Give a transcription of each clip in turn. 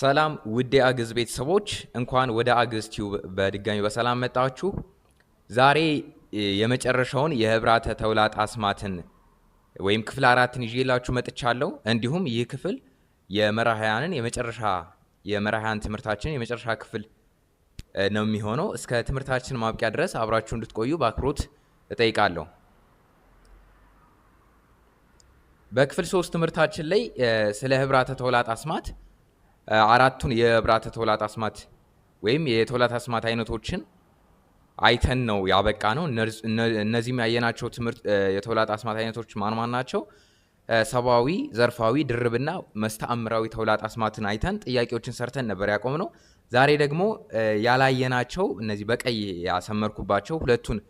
ሰላም ውድ የአግዝ ቤተሰቦች እንኳን ወደ አግዝ ቲዩብ በድጋሚ በሰላም መጣችሁ። ዛሬ የመጨረሻውን የህብራተ ተውላጥ አስማትን ወይም ክፍል አራትን ይዤላችሁ መጥቻለሁ። እንዲሁም ይህ ክፍል የመራሕያንን የመጨረሻ የመራሕያን ትምህርታችን የመጨረሻ ክፍል ነው የሚሆነው። እስከ ትምህርታችን ማብቂያ ድረስ አብራችሁ እንድትቆዩ በአክብሮት እጠይቃለሁ። በክፍል ሶስት ትምህርታችን ላይ ስለ ህብራተ ተውላጥ አስማት አራቱን የብራተ ተውላጥ አስማት ወይም የተውላጥ አስማት አይነቶችን አይተን ነው ያበቃ ነው። እነዚህም ያየናቸው ትምህርት የተውላጥ አስማት አይነቶች ማን ማን ናቸው? ሰብአዊ፣ ዘርፋዊ፣ ድርብና መስተአምራዊ ተውላጥ አስማትን አይተን ጥያቄዎችን ሰርተን ነበር ያቆም ነው። ዛሬ ደግሞ ያላየናቸው እነዚህ በቀይ ያሰመርኩባቸው ሁለቱን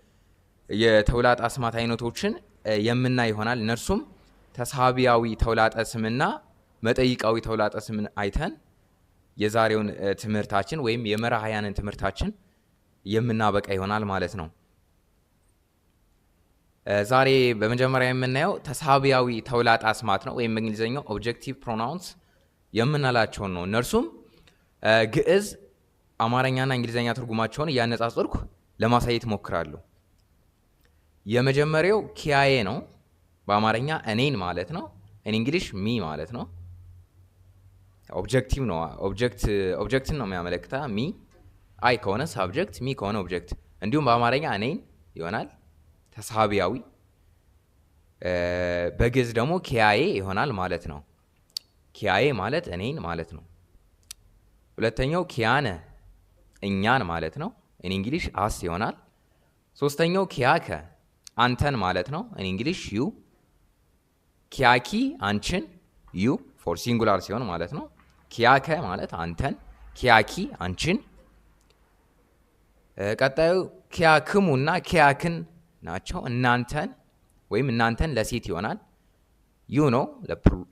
የተውላጥ አስማት አይነቶችን የምናይ ይሆናል። እነርሱም ተሳቢያዊ ተውላጠ ስምና መጠይቃዊ ተውላጠ ስምን አይተን የዛሬውን ትምህርታችን ወይም የመራሕያንን ትምህርታችን የምናበቃ ይሆናል ማለት ነው። ዛሬ በመጀመሪያ የምናየው ተሳቢያዊ ተውላጣ አስማት ነው ወይም በእንግሊዝኛው ኦብጀክቲቭ ፕሮናውንስ የምንላቸውን ነው። እነርሱም ግዕዝ፣ አማርኛና እንግሊዝኛ ትርጉማቸውን እያነጻጸርኩ ለማሳየት ሞክራለሁ። የመጀመሪያው ኪያዬ ነው። በአማርኛ እኔን ማለት ነው። እኔ እንግሊሽ ሚ ማለት ነው። ኦብጀክቲቭ ነው። ኦብጀክትን ነው የሚያመለክታ። ሚ አይ ከሆነ ሳብጀክት፣ ሚ ከሆነ ኦብጀክት። እንዲሁም በአማርኛ እኔን ይሆናል ተሳቢያዊ፣ በግዝ ደግሞ ኪያዬ ይሆናል ማለት ነው። ኪያዬ ማለት እኔን ማለት ነው። ሁለተኛው ኪያነ እኛን ማለት ነው። እኔ እንግሊሽ አስ ይሆናል። ሶስተኛው ኪያከ አንተን ማለት ነው። እንግሊሽ ዩ። ኪያኪ አንቺን ዩ ፎር ሲንጉላር ሲሆን ማለት ነው። ኪያከ ማለት አንተን፣ ኪያኪ አንቺን። ቀጣዩ ኪያክሙ እና ኪያክን ናቸው። እናንተን ወይም እናንተን ለሴት ይሆናል። ዩ ነው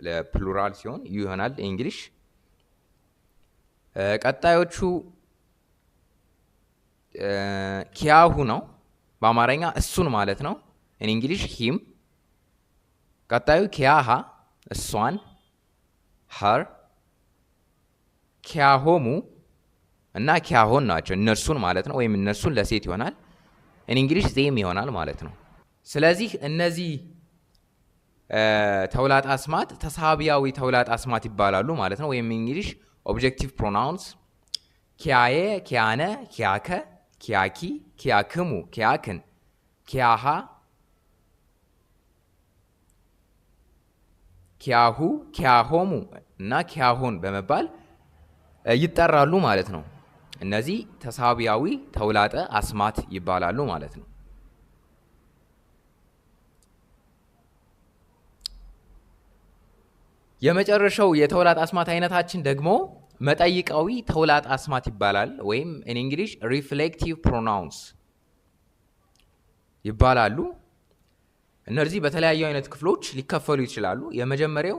ለፕሉራል ሲሆን ዩ ይሆናል እንግሊሽ። ቀጣዮቹ ኪያሁ ነው በአማርኛ እሱን ማለት ነው። እንግሊሽ ሂም። ቀጣዩ ኪያሃ እሷን ሀር ኪያሆሙ እና ኪያሆን ናቸው። እነርሱን ማለት ነው፣ ወይም እነርሱን ለሴት ይሆናል። እንግሊሽ ዜም ይሆናል ማለት ነው። ስለዚህ እነዚህ ተውላጥ አስማት ተሳቢያዊ ተውላጥ አስማት ይባላሉ ማለት ነው። ወይም እንግሊሽ ኦብጀክቲቭ ፕሮናውንስ ኪያየ፣ ኪያነ፣ ኪያከ፣ ኪያኪ፣ ኪያክሙ፣ ኪያክን፣ ኪያሃ፣ ኪያሁ፣ ኪያሆሙ እና ኪያሆን በመባል ይጠራሉ ማለት ነው። እነዚህ ተሳቢያዊ ተውላጠ አስማት ይባላሉ ማለት ነው። የመጨረሻው የተውላጥ አስማት አይነታችን ደግሞ መጠይቃዊ ተውላጥ አስማት ይባላል ወይም ኢን እንግሊሽ ሪፍሌክቲቭ ፕሮናውንስ ይባላሉ። እነዚህ በተለያዩ አይነት ክፍሎች ሊከፈሉ ይችላሉ። የመጀመሪያው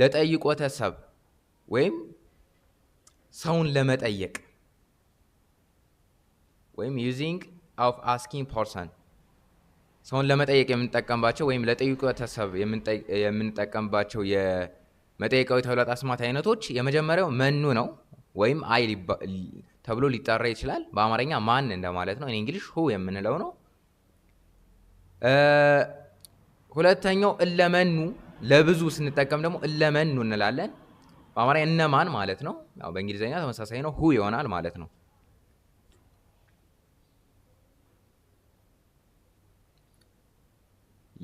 ለጠይቆተ ሰብ ወይም ሰውን ለመጠየቅ ወይም ዩዚንግ ኦፍ አስኪንግ ፐርሰን ሰውን ለመጠየቅ የምንጠቀምባቸው ወይም ለጠይቁ ተሰብ የምንጠቀምባቸው የመጠየቃዊ ተውላጠ አስማት አይነቶች የመጀመሪያው መኑ ነው ወይም አይ ተብሎ ሊጠራ ይችላል። በአማርኛ ማን እንደማለት ነው። እንግሊሽ ሁ የምንለው ነው። ሁለተኛው እለመኑ ለብዙ ስንጠቀም ደግሞ እለመኑ እንላለን። በአማራ እነማን ማለት ነው። ያው በእንግሊዝኛ ተመሳሳይ ነው፣ ሁ ይሆናል ማለት ነው።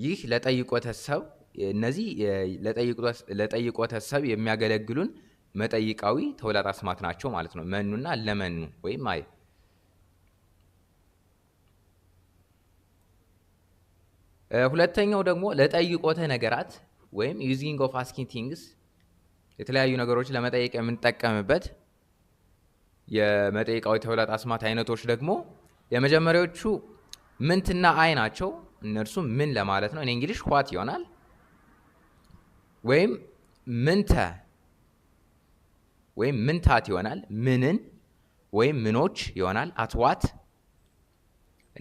ይህ ለጠይቆተ ሰብ እነዚህ ለጠይቆተ ሰብ የሚያገለግሉን መጠይቃዊ ተውላጠ አስማት ናቸው ማለት ነው። መኑና ለመኑ ወይም አይ ሁለተኛው ደግሞ ለጠይቆተ ነገራት ወይም ዩዚንግ ኦፍ አስኪንግ ቲንግስ የተለያዩ ነገሮች ለመጠየቅ የምንጠቀምበት የመጠየቃዊ ተውላጥ አስማት አይነቶች ደግሞ የመጀመሪያዎቹ ምንትና አይ ናቸው። እነርሱ ምን ለማለት ነው። እኔ እንግሊሽ ዋት ይሆናል ወይም ምንተ ወይም ምንታት ይሆናል። ምንን ወይም ምኖች ይሆናል። አትዋት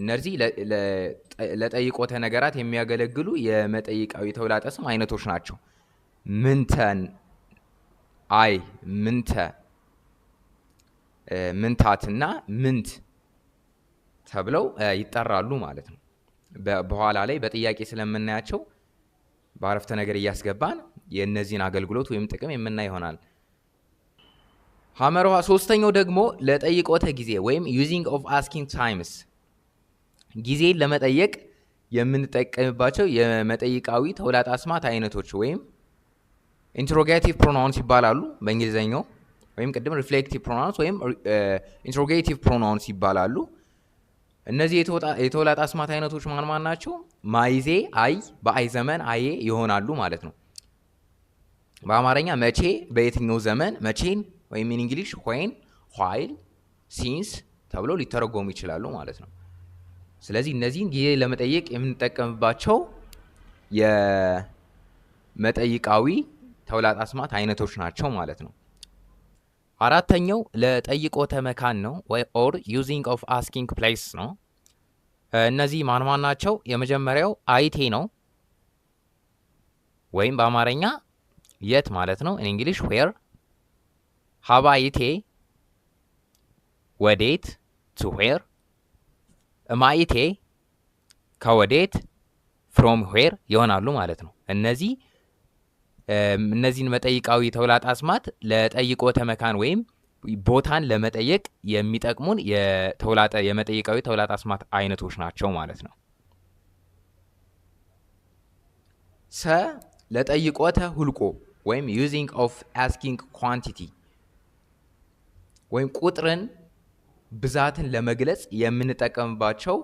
እነዚህ ለጠይቆተ ነገራት የሚያገለግሉ የመጠይቃዊ ተውላጠ ስም አይነቶች ናቸው። ምንተን አይ ምንተ ምንታትና ምንት ተብለው ይጠራሉ ማለት ነው። በኋላ ላይ በጥያቄ ስለምናያቸው በአረፍተ ነገር እያስገባን የእነዚህን አገልግሎት ወይም ጥቅም የምናይ ይሆናል። ውሃ ሶስተኛው ደግሞ ለጠይቆተ ጊዜ ወይም ዩዚንግ ኦፍ አስኪንግ ታይምስ ጊዜን ለመጠየቅ የምንጠቀምባቸው የመጠይቃዊ ተውላጣስማት አስማት አይነቶች ወይም ኢንትሮጌቲቭ ፕሮናውንስ ይባላሉ በእንግሊዝኛው ወይም ቅድም ሪፍሌክቲቭ ፕሮናውንስ ወይም ኢንትሮጌቲቭ ፕሮናውንስ ይባላሉ። እነዚህ የተወላጣ አስማት አይነቶች ማን ማን ናቸው? ማይዜ አይ፣ በአይ ዘመን አዬ ይሆናሉ ማለት ነው። በአማርኛ መቼ፣ በየትኛው ዘመን መቼን፣ ወይም ኢንግሊሽ ሆይን፣ ኋይል፣ ሲንስ ተብለው ሊተረጎሙ ይችላሉ ማለት ነው። ስለዚህ እነዚህን ጊዜ ለመጠየቅ የምንጠቀምባቸው የመጠይቃዊ ተውላጣ አስማት አይነቶች ናቸው ማለት ነው። አራተኛው ለጠይቆተ መካን ነው ወይ ኦር ዩዚንግ ኦፍ አስኪንግ ፕሌስ ነው። እነዚህ ማን ማን ናቸው? የመጀመሪያው አይቴ ነው ወይም በአማርኛ የት ማለት ነው። እንግሊሽ ዌር፣ ሀባይቴ ወዴት ቱ ዌር፣ እማይቴ ከወዴት ፍሮም ዌር ይሆናሉ ማለት ነው እነዚህ እነዚህን መጠይቃዊ ተውላጥ አስማት ለጠይቆ ተመካን ወይም ቦታን ለመጠየቅ የሚጠቅሙን የተውላጠ የመጠይቃዊ ተውላጥ አስማት አይነቶች ናቸው ማለት ነው። ሰ ለጠይቆተ ሁልቆ ወይም ዩዚንግ ኦፍ አስኪንግ ኳንቲቲ ወይም ቁጥርን ብዛትን ለመግለጽ የምንጠቀምባቸው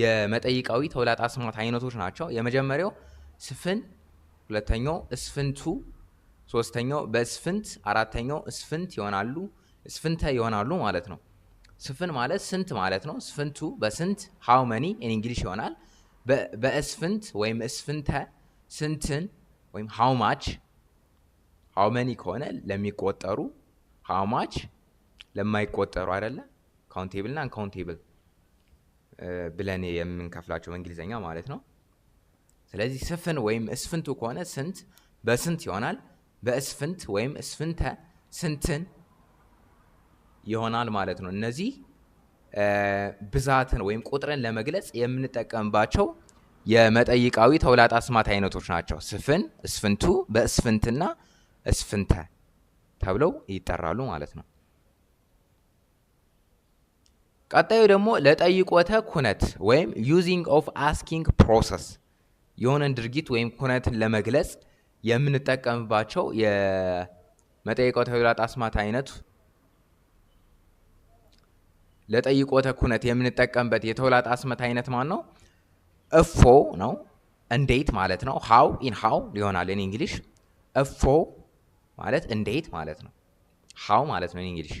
የመጠይቃዊ ተውላጣ አስማት አይነቶች ናቸው። የመጀመሪያው ስፍን ሁለተኛው እስፍንቱ፣ ሶስተኛው በስፍንት፣ አራተኛው እስፍንት ይሆናሉ እስፍንተ ይሆናሉ ማለት ነው። ስፍን ማለት ስንት ማለት ነው። ስፍንቱ በስንት ሃው መኒ ኢንግሊሽ ይሆናል። በእስፍንት ወይም እስፍንተ ስንትን ወይም ሃው ማች ሃው መኒ ከሆነ ለሚቆጠሩ ሃው ማች ለማይቆጠሩ አይደለ ካውንቴብል ና አንካውንቴብል ብለን የምንከፍላቸው በእንግሊዝኛ ማለት ነው። ስለዚህ ስፍን ወይም እስፍንቱ ከሆነ ስንት በስንት ይሆናል። በእስፍንት ወይም እስፍንተ ስንትን ይሆናል ማለት ነው። እነዚህ ብዛትን ወይም ቁጥርን ለመግለጽ የምንጠቀምባቸው የመጠይቃዊ ተውላጠ አስማት አይነቶች ናቸው። ስፍን፣ እስፍንቱ፣ በእስፍንትና እስፍንተ ተብለው ይጠራሉ ማለት ነው። ቀጣዩ ደግሞ ለጠይቆተ ኩነት ወይም ዩዚንግ ኦፍ አስኪንግ ፕሮሰስ የሆነን ድርጊት ወይም ኩነትን ለመግለጽ የምንጠቀምባቸው የመጠይቆተ ሆሄያት አስማት አይነት ለጠይቆተ ኩነት የምንጠቀምበት የተውላጥ አስመት አይነት ማን ነው? እፎ ነው። እንዴት ማለት ነው። ሃው ኢን ሃው ሊሆናል ኢን እንግሊሽ። እፎ ማለት እንዴት ማለት ነው። ሃው ማለት ነው ኢን እንግሊሽ።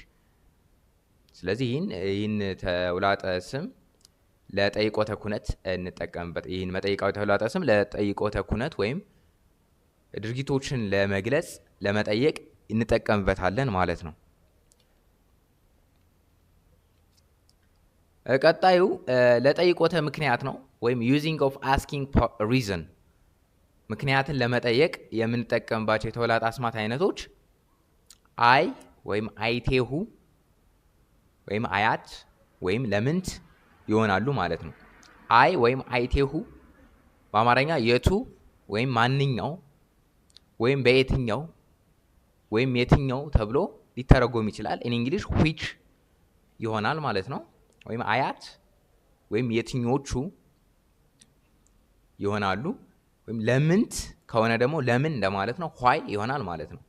ስለዚህ ይህን ይህን ተውላጠ ስም ለጠይቆተ ኩነት እንጠቀምበት። ይህን መጠይቃዊ ተውላጠ ስም ለጠይቆተ ኩነት ወይም ድርጊቶችን ለመግለጽ ለመጠየቅ እንጠቀምበታለን ማለት ነው። ቀጣዩ ለጠይቆተ ምክንያት ነው ወይም ዩዚንግ ኦፍ አስኪንግ ሪዝን ምክንያትን ለመጠየቅ የምንጠቀምባቸው የተውላጠ አስማት አይነቶች አይ ወይም አይቴሁ ወይም አያት ወይም ለምንት ይሆናሉ ማለት ነው። አይ ወይም አይቴሁ በአማርኛ የቱ ወይም ማንኛው ወይም በየትኛው ወይም የትኛው ተብሎ ሊተረጎም ይችላል። ኢን እንግሊሽ ዊች ይሆናል ማለት ነው። ወይም አያት ወይም የትኞቹ ይሆናሉ። ወይም ለምንት ከሆነ ደግሞ ለምን እንደማለት ነው። ኋይ ይሆናል ማለት ነው።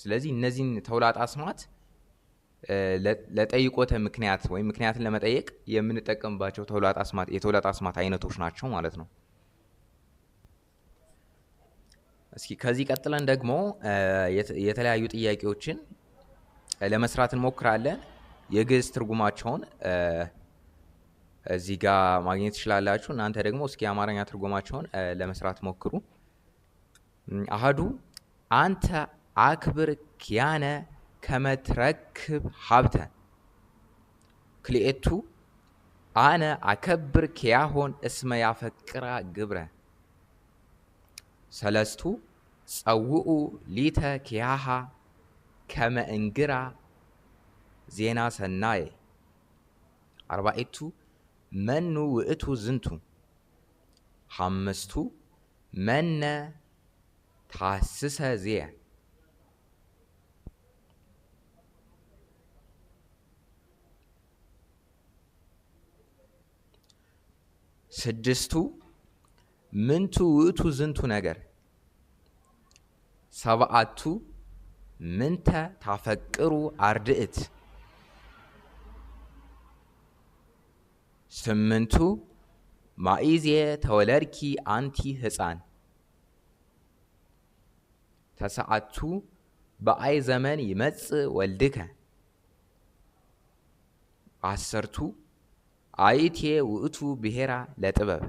ስለዚህ እነዚህን ተውላጣ ስማት ለጠይቆተ ምክንያት ወይም ምክንያትን ለመጠየቅ የምንጠቀምባቸው የተውላጥ አስማት አይነቶች ናቸው ማለት ነው። እስኪ ከዚህ ቀጥለን ደግሞ የተለያዩ ጥያቄዎችን ለመስራት እንሞክራለን። የግዕዝ ትርጉማቸውን እዚህ ጋር ማግኘት ትችላላችሁ። እናንተ ደግሞ እስኪ የአማርኛ ትርጉማቸውን ለመስራት ሞክሩ። አህዱ አንተ አክብር ኪያነ ከመትረክብ ሀብተ ክልኤቱ አነ አከብር ኪያሆን እስመ ያፈቅራ ግብረ ሰለስቱ ጸውኡ ሊተ ኪያሃ ከመ እንግራ ዜና ሰናየ አርባኤቱ መኑ ውእቱ ዝንቱ ሓምስቱ መነ ታስሰ ዚየ ስድስቱ ምንቱ ውእቱ ዝንቱ ነገር ሰብአቱ ምንተ ታፈቅሩ አርድእት ስምንቱ ማኢዜ ተወለድኪ አንቲ ህፃን ተሰዓቱ በአይ ዘመን ይመጽ ወልድከ አሰርቱ አይቴ ውእቱ ብሔራ ለጥበብ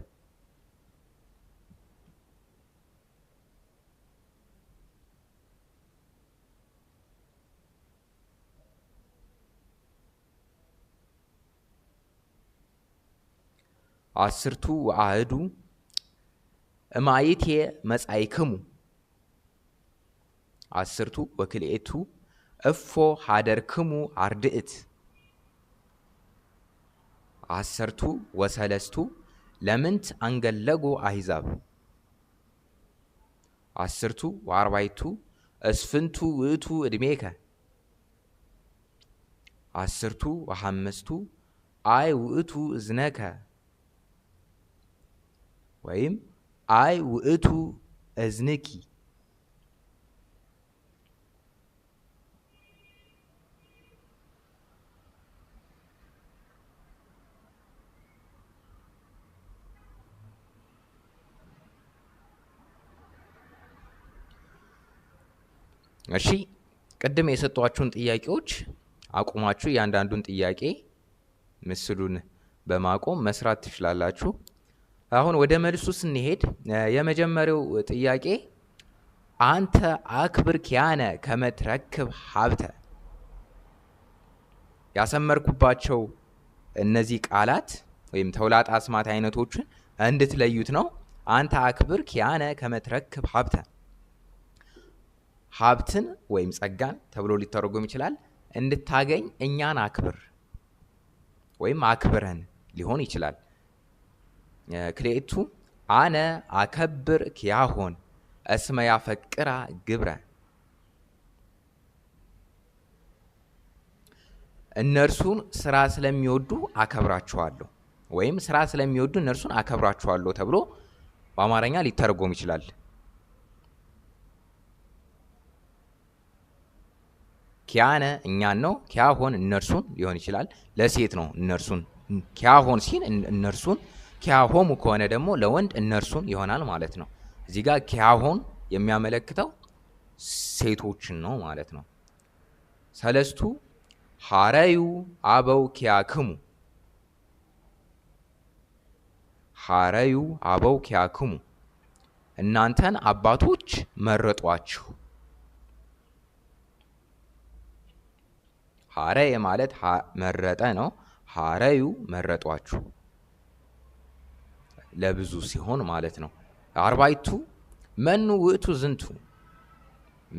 አስርቱ ወአህዱ እማይቴ መጻይክሙ አስርቱ ወክልኤቱ እፎ ሀደርክሙ አርድእት አሰርቱ ወሰለስቱ ለምንት አንገለጉ አሂዛብ አስርቱ ወአርባይቱ እስፍንቱ ውእቱ እድሜከ አስርቱ ወሐምስቱ አይ ውእቱ እዝነከ ወይም አይ ውእቱ እዝንኪ እሺ ቅድም የሰጧችሁን ጥያቄዎች አቁማችሁ እያንዳንዱን ጥያቄ ምስሉን በማቆም መስራት ትችላላችሁ። አሁን ወደ መልሱ ስንሄድ የመጀመሪያው ጥያቄ አንተ አክብር ኪያነ ከመትረክብ ሀብተ። ያሰመርኩባቸው እነዚህ ቃላት ወይም ተውላጣ አስማት አይነቶችን እንድትለዩት ነው። አንተ አክብር ኪያነ ከመትረክብ ሀብተ ሀብትን ወይም ጸጋን ተብሎ ሊተረጎም ይችላል። እንድታገኝ እኛን አክብር ወይም አክብረን ሊሆን ይችላል። ክሌቱ አነ አከብር ኪያሆን እስመ ያፈቅራ ግብረ እነርሱን ስራ ስለሚወዱ አከብራቸዋለሁ ወይም ስራ ስለሚወዱ እነርሱን አከብራቸዋለሁ ተብሎ በአማርኛ ሊተረጎም ይችላል። ኪያነ እኛን ነው። ኪያሆን እነርሱን ሊሆን ይችላል። ለሴት ነው እነርሱን። ኪያሆን ሲል እነርሱን፣ ኪያሆሙ ከሆነ ደግሞ ለወንድ እነርሱን ይሆናል ማለት ነው። እዚህ ጋር ኪያሆን የሚያመለክተው ሴቶችን ነው ማለት ነው። ሰለስቱ ሀረዩ አበው ኪያክሙ ሀረዩ አበው ኪያክሙ እናንተን አባቶች መረጧችሁ ሐረየ ማለት መረጠ ነው። ሀረዩ መረጧችሁ ለብዙ ሲሆን ማለት ነው። አርባይቱ መኑ ውእቱ ዝንቱ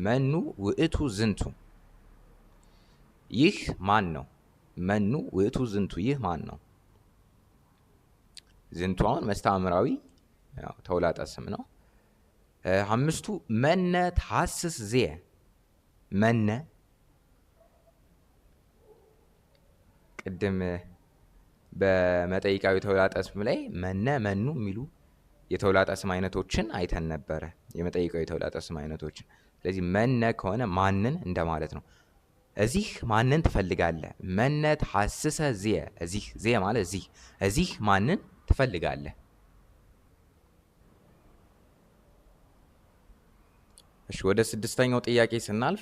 መኑ ውእቱ ዝንቱ ይህ ማን ነው? መኑ ውእቱ ዝንቱ ይህ ማን ነው? ዝንቱ አሁን መስተምራዊ ተውላጠ ስም ነው። አምስቱ መነ ታስስ ዜ መነ ቅድም በመጠይቃዊ የተውላጠ ስም ላይ መነ መኑ የሚሉ የተውላጠ ስም አይነቶችን አይተን ነበረ። የመጠይቃዊ የተውላጠ ስም አይነቶችን። ስለዚህ መነ ከሆነ ማንን እንደማለት ነው። እዚህ ማንን ትፈልጋለህ? መነ ተሐስሰ ዚየ። እዚህ ዚየ ማለት እዚህ። እዚህ ማንን ትፈልጋለህ? እሺ ወደ ስድስተኛው ጥያቄ ስናልፍ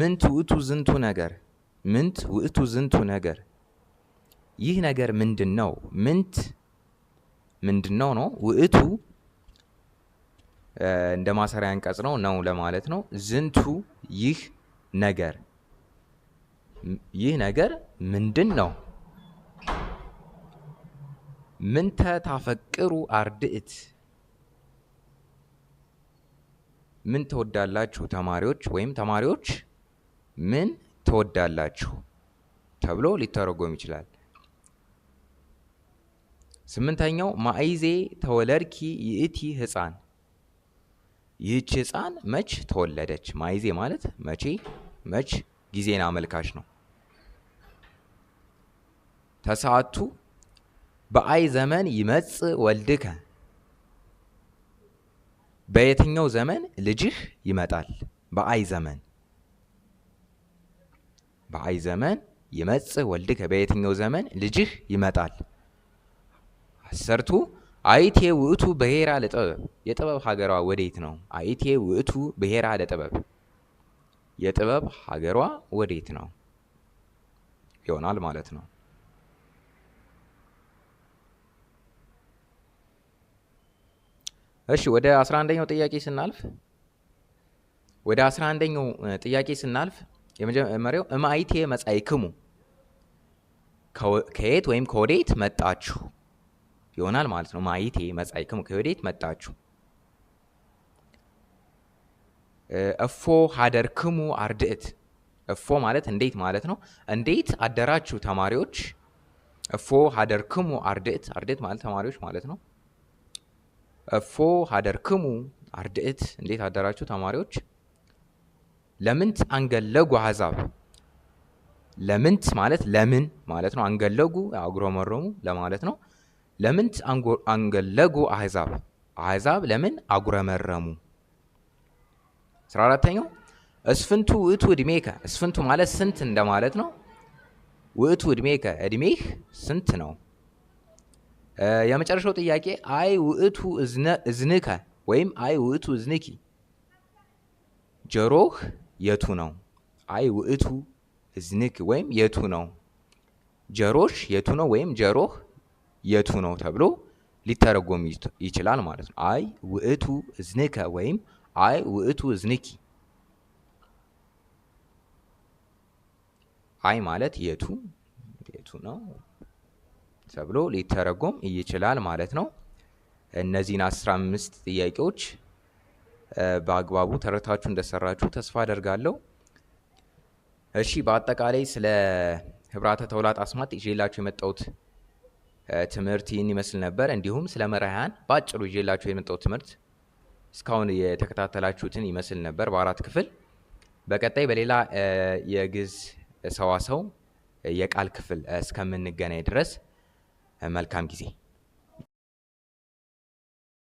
ምንት ውእቱ ዝንቱ ነገር ምንት ውእቱ ዝንቱ ነገር ይህ ነገር ምንድን ነው? ምንት ምንድን ነው ነው። ውእቱ እንደ ማሰሪያ አንቀጽ ነው ነው ለማለት ነው። ዝንቱ ይህ ነገር ይህ ነገር ምንድን ነው? ምንተ ታፈቅሩ አርድእት ምን ትወዳላችሁ ተማሪዎች ወይም ተማሪዎች ምን ትወዳላችሁ ተብሎ ሊተረጎም ይችላል። ስምንተኛው ማእዜ ተወለድኪ ይእቲ ህፃን ይህች ህፃን መች ተወለደች። ማእዜ ማለት መቼ መች ጊዜን አመልካች ነው። ተሳቱ በአይ ዘመን ይመጽ ወልድከ በየትኛው ዘመን ልጅህ ይመጣል? በአይ ዘመን በአይ ዘመን ይመጽ ወልድከ በየትኛው ዘመን ልጅህ ይመጣል? አሰርቱ አይቴ ውእቱ ብሔራ ለጥበብ የጥበብ ሀገሯ ወዴት ነው? አይቴ ውእቱ ብሔራ ለጥበብ የጥበብ ሀገሯ ወዴት ነው ይሆናል ማለት ነው። እሺ ወደ 11ኛው ጥያቄ ስናልፍ ወደ 11ኛው ጥያቄ ስናልፍ የመጀመሪያው እማይቴ መጻይክሙ ከየት ወይም ከወዴት መጣችሁ ይሆናል ማለት ነው። ማይቴ መጻእክሙ ከወዴት መጣችሁ? እፎ ሀደርክሙ አርድእት እፎ ማለት እንዴት ማለት ነው። እንዴት አደራችሁ ተማሪዎች። እፎ ሀደርክሙ አርድእት አርድእት ማለት ተማሪዎች ማለት ነው። እፎ ሀደርክሙ አርድእት እንዴት አደራችሁ ተማሪዎች። ለምንት አንገለጉ አሕዛብ ለምንት ማለት ለምን ማለት ነው። አንገለጉ አጉረመረሙ ለማለት ነው። ለምን አንገለጉ አሕዛብ አሕዛብ ለምን አጉረመረሙ? አስራ አራተኛው እስፍንቱ ውእቱ እድሜከ እስፍንቱ ማለት ስንት እንደማለት ነው። ውእቱ እድሜከ እድሜህ ስንት ነው? የመጨረሻው ጥያቄ አይ ውእቱ እዝንከ ወይም አይ ውእቱ እዝንኪ ጆሮህ የቱ ነው? አይ ውእቱ እዝንክ ወይም የቱ ነው? ጆሮሽ የቱ ነው ወይም ጆሮህ የቱ ነው ተብሎ ሊተረጎም ይችላል ማለት ነው። አይ ውእቱ እዝንከ ወይም አይ ውእቱ እዝንኪ። አይ ማለት የቱ የቱ ነው ተብሎ ሊተረጎም ይችላል ማለት ነው። እነዚህን አስራ አምስት ጥያቄዎች በአግባቡ ተረታችሁ እንደሰራችሁ ተስፋ አደርጋለሁ። እሺ በአጠቃላይ ስለ ህብራተ ተውላጠ አስማት ይዤላችሁ የመጣሁት ትምህርት ይህን ይመስል ነበር። እንዲሁም ስለ መራሕያን በአጭሩ ይዤላችሁ የመጣው ትምህርት እስካሁን የተከታተላችሁትን ይመስል ነበር በአራት ክፍል። በቀጣይ በሌላ የግዕዝ ሰዋሰው የቃል ክፍል እስከምንገናኝ ድረስ መልካም ጊዜ